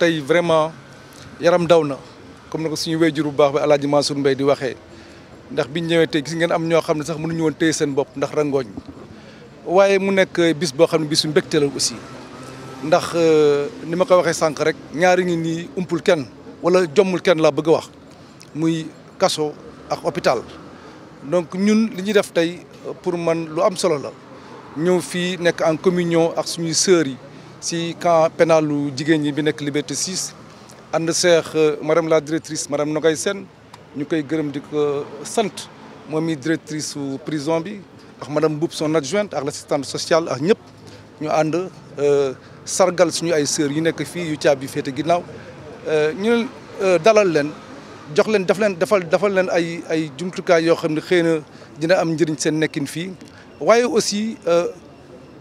tay vraiment yaram dawna comme na suñu wéyjur bu baax ba aladji Mansour mbey di waxé ndax biñ ñëwé tay gis ngeen am ño xam sax mënu ñu won téye seen bop ndax rangooñ wayé mu nekk bis bo xam bisu mbégte la aussi ndax euh, ni ma ko waxé sank rek ñaari ngi ni umpul kenn wala jomul kenn la bëgg wax muy kaso ak hôpital donc ñun li ñuy def tay pour man lu am solo la ñëw fi nek en communion ak suñu sœur yi si camp pénalu jigéen ñi bi nekk Liberté 6 ànd seex euh, madame la directrice madame Nogay seen ñu koy gërëm di ko sant moom mi directrice su prison bi ak madame Boub son adjointe ak l' assistante sociale ak ñëpp ñu ànd euh, sargal suñu ay sœurs yu nekk fii yu caabi féete ginnaaw euh, ñu dalal leen jox leen daf leen defal defal leen ay ay jumtukaay yoo xam ne xëy na dina am njëriñ seen nekkin fii waaye aussi.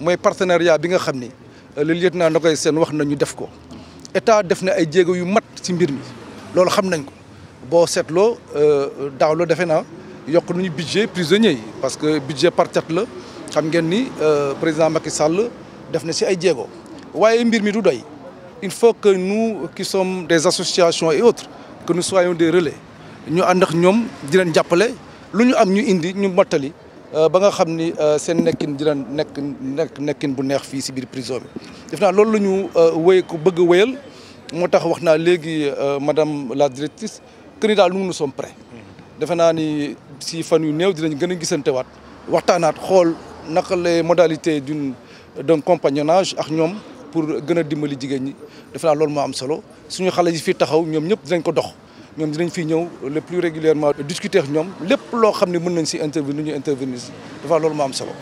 moy partenariat bi nga xamni euh, le lieutenant Ndogoy Sène wax nañu def ko état def na ay djégo yu mat ci mbir mi loolu xam nañ ko bo setlo euh dawlo defe naa yokk budget prisonnier parce que budget par tête la xam ngeen ni euh, président Macky Sall def na ci ay djégo waye mbir mi du doy il faut que nous qui sommes des associations et autres que nous soyons des relais ñu ànd ak ñoom di len jappalé lu ñu am ñu indi ñu mottali euh, ba nga xam ni euh, seen nekkin dina nekk nekk nekkin bu neex fii si biir prison bi def naa loolu la ñu euh, wéy ko bëgg a wéyal moo tax madame la directrice que ni daal nous nous sommes prêts defe naa ni si fan yu néew dinañ gën a gisantewaat waxtaanaat xool naka les modalités d'une d'un compagnonnage ak ñoom pour gën a dimbali jigéen ñi defe naa loolu moo am solo suñu xale yi fii taxaw ñoom ñëpp dinañ ko dox ñoom dinañ fi ñëw le plus régulièrement discuter ak ñoom lépp loo xam ne mën nañ si intervenir ñu intervenir dafa loolu ma am solo